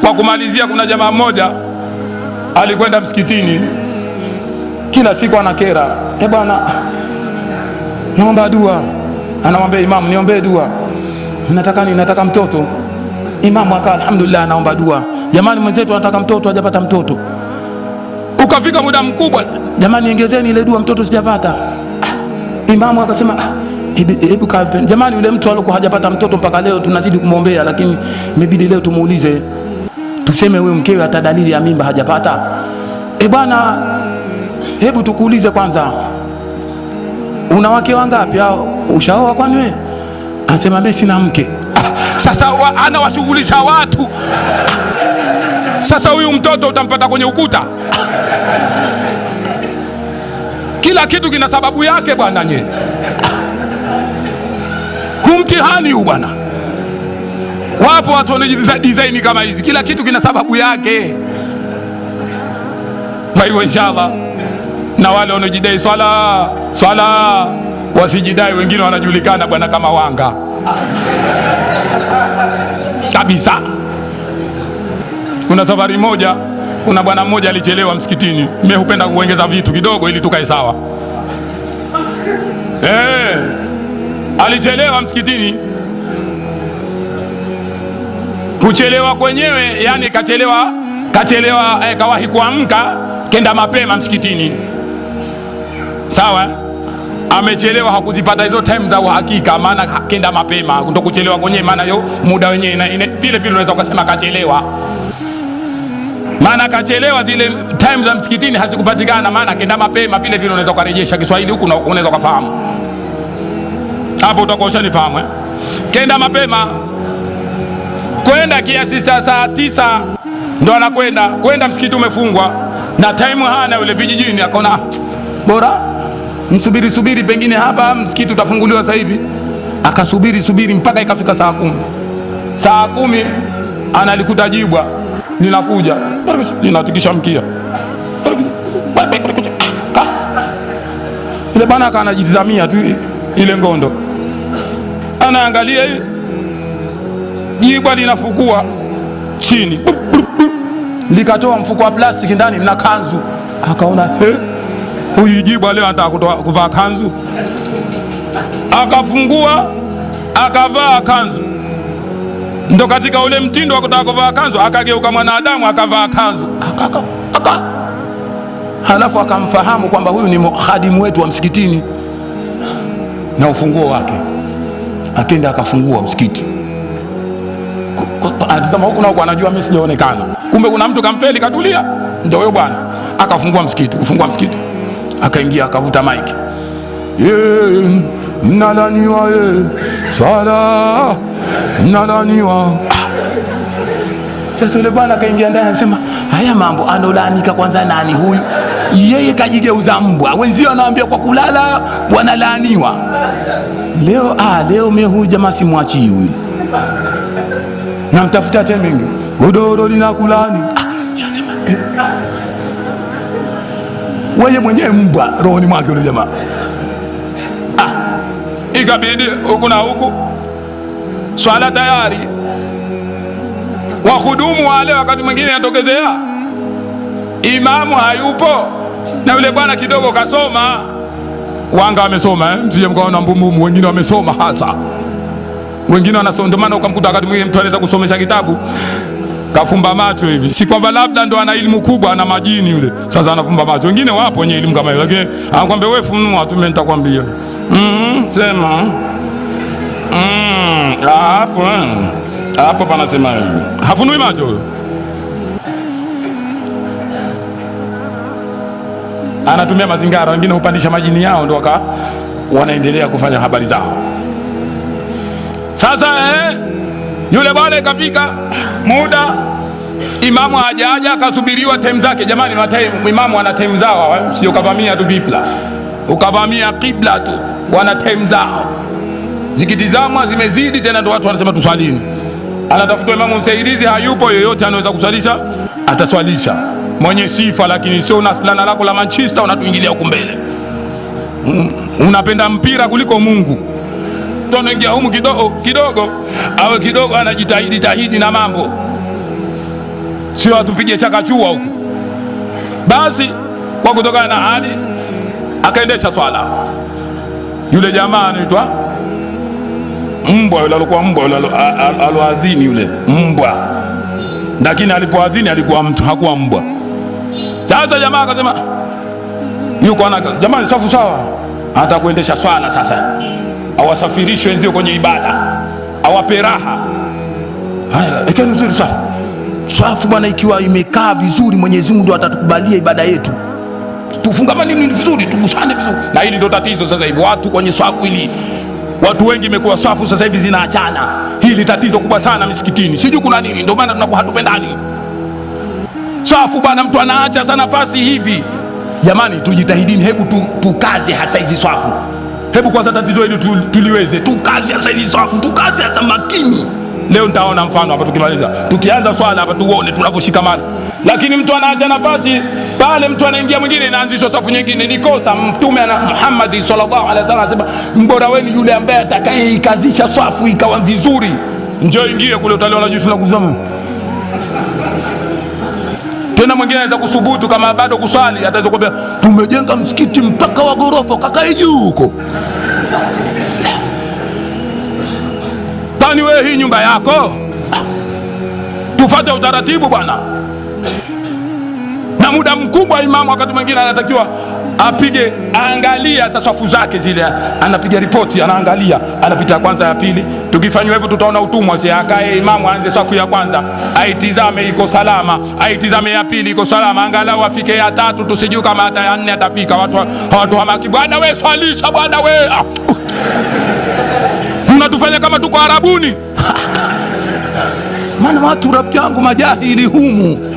Kwa kumalizia, kuna jamaa mmoja alikwenda msikitini kila siku anakera, e bwana, naomba dua. Anamwambia imamu, niombee dua, nataka ni Nataka mtoto. Imamu akaa, alhamdulillah, naomba dua. Jamani, mwenzetu anataka mtoto, hajapata mtoto. Ukafika muda mkubwa, jamani, ongezeni ile dua, mtoto sijapata. Ah, imamu akasema hebu jamani, yule mtu alikuwa hajapata mtoto mpaka leo tunazidi kumwombea, lakini imebidi leo tumuulize tuseme huyu mkewe hata dalili ya mimba hajapata. E bwana, hebu tukuulize kwanza, una wake wangapi? Au ushaoa kwani wewe? Anasema mimi sina mke. Ah, sasa wa, anawashughulisha watu. Sasa huyu mtoto utampata kwenye ukuta. Kila kitu kina sababu yake bwana, nye kumtihani huyu bwana. Wapo watu wanaojiza design kama hizi, kila kitu kina sababu yake. Kwa hivyo inshallah, na wale wanaojidai swala swala wasijidai, wengine wanajulikana bwana kama wanga kabisa. Kuna safari moja, kuna bwana mmoja alichelewa msikitini. Mimi hupenda kuongeza vitu kidogo ili tukae sawa. Eh, alichelewa msikitini Kuchelewa kwenyewe yani kachelewa, kachelewa eh, kawahi kuamka kenda mapema msikitini, sawa. Amechelewa hakuzipata hizo time za uhakika, maana kenda mapema ndo kuchelewa kwenyewe, maana yo muda wenyewe vile vile unaweza ukasema kachelewa, maana kachelewa zile time za msikitini hazikupatikana, maana kenda mapema vile vile unaweza ukarejesha Kiswahili huku, unaweza ukafahamu hapo, utakuwa ushanifahamu eh? Kenda mapema kwenda kiasi cha saa tisa ndo anakwenda kwenda msikiti umefungwa na time hana yule vijijini, akaona ah, bora msubiri subiri, pengine hapa msikiti utafunguliwa sasa hivi. Akasubiri subiri mpaka ikafika saa kumi. Saa kumi analikuta jibwa linakuja linatikisha mkia ile bana, akanajitizamia tu ile ngondo, anaangalia hivi jibwa linafukua chini likatoa mfuko wa plastiki ndani mna kanzu. Akaona huyu jibwa leo anataka kuvaa kanzu, akafungua akavaa kanzu. Ndo katika ule mtindo wa kutaka kuvaa kanzu akageuka mwanadamu akavaa kanzu aka, aka. Halafu akamfahamu kwamba huyu ni khadimu wetu wa msikitini na ufunguo wake, akenda akafungua msikiti anasema huku na huku, anajua mimi sijaonekana. Kumbe kuna mtu kampeli, katulia, ndio huyo bwana. Akafungua msikiti, kufungua msikiti, akaingia akavuta maiki, mnadhaniwa swala, mnadhaniwa sasa. Yule bwana akaingia ndani, anasema haya mambo, anolanika kwanza nani huyu? Yeye kajigeuza mbwa, wenzio anawaambia kwa kulala wanalaaniwa. Leo ah, leo mehuyu jamaa simwachii huyu namtafuta Temenge, godoro linakulani ah, wewe mwenyewe mbwa rohoni mwake yule jamaa ah, ikabidi huku na huku, swala tayari, wahudumu wale wakati mwingine yatokezea imamu hayupo na yule bwana kidogo kasoma wanga amesoma eh? Msije mkaona mbumbumu, wengine wamesoma hasa wengine wanasoma. Ndio maana ukamkuta wakati mwingine mtu anaweza kusomesha kitabu kafumba macho hivi, si kwamba labda ndo ana elimu kubwa, na majini yule, sasa anafumba macho. Wengine wapo wenye elimu kama hiyo, lakini anakwambia wewe funua tu, mimi nitakwambia mm, -hmm, sema mm, hapo hapo panasema hivi, hafunui macho huyo, anatumia mazingara. Wengine hupandisha majini yao, ndo waka wanaendelea kufanya habari zao. Sasa eh, yule bwana ikafika muda imamu hajaja, akasubiriwa time zake. Jamani, imamu ana time zao, eh? sio ukavamia tu kibla, ukavamia kibla tu, wana time zao zikitizamwa zimezidi, tena ndo watu wanasema tuswalini. Anatafuta imamu msaidizi, hayupo. Yoyote anaweza kuswalisha, ataswalisha mwenye sifa, lakini sio na fulana lako la Manchester unatuingilia huko mbele. Mm, unapenda mpira kuliko Mungu mtoto anaingia humu kidogo kidogo, awe kidogo anajitahidi tahidi na mambo, sio atupige chakachua huku. Basi kwa kutokana na hali akaendesha swala. Yule jamaa anaitwa mbwa yule, alikuwa mbwa yule aloadhini yule mbwa, lakini alipoadhini alikuwa mtu, hakuwa mbwa. Sasa jamaa akasema yuko ana jamani, safu sawa, atakuendesha swala sasa awasafirishe wenzio kwenye ibada, awape raha. Haya, ekeni uzuri safu safu bwana, ikiwa imekaa vizuri, Mwenyezi Mungu ndio atatukubalia ibada yetu. ni vizuri, tugusane vizuri, na hili ndo tatizo sasa hivi watu kwenye safu hili watu wengi imekuwa safu sasa hivi zinaachana. Hili tatizo kubwa sana misikitini, sijui kuna nini, ndio maana tunakuwa hatupendani safu bwana, mtu anaacha sana nafasi hivi. Jamani, tujitahidini, hebu tukaze hasa hizi safu. Hebu kwanza tatizo hili tuliweze, tukazi sasa safu, tukazi sasa makini. Leo nitaona mfano hapa, tukimaliza tukianza swala hapa, tuone tunavyoshikamana. Lakini mtu anaacha nafasi pale, mtu anaingia mwingine, inaanzishwa safu nyingine. Ni kosa. Mtume ana Muhammad sallallahu alaihi wasallam asema, mbora wenu yule ambaye atakayeikazisha safu ikawa vizuri, njoo ingie kule, utaliona jinsi la kuzama tena mwingine anaweza kusubutu kama bado kuswali, ataweza kuambia tumejenga msikiti mpaka wa ghorofa, kakae juu huko. tani wewe hii nyumba yako? Tufuate utaratibu bwana. Na muda mkubwa, imamu wakati mwingine anatakiwa apige, angalia sasa safu zake zile, anapiga ripoti, anaangalia, anapita kwanza, ya pili. Tukifanywa hivyo tutaona utumwa. Si akae imamu aanze safu ya kwanza, aitizame iko salama, aitizame ya pili iko salama, angalau afike ya tatu, tusijuu kama hata ya nne atafika. Watu hawatuhamaki, bwana we swalisha, bwana we ah! tufanya kama tuko Arabuni. Maana watu rafiki yangu majahili humu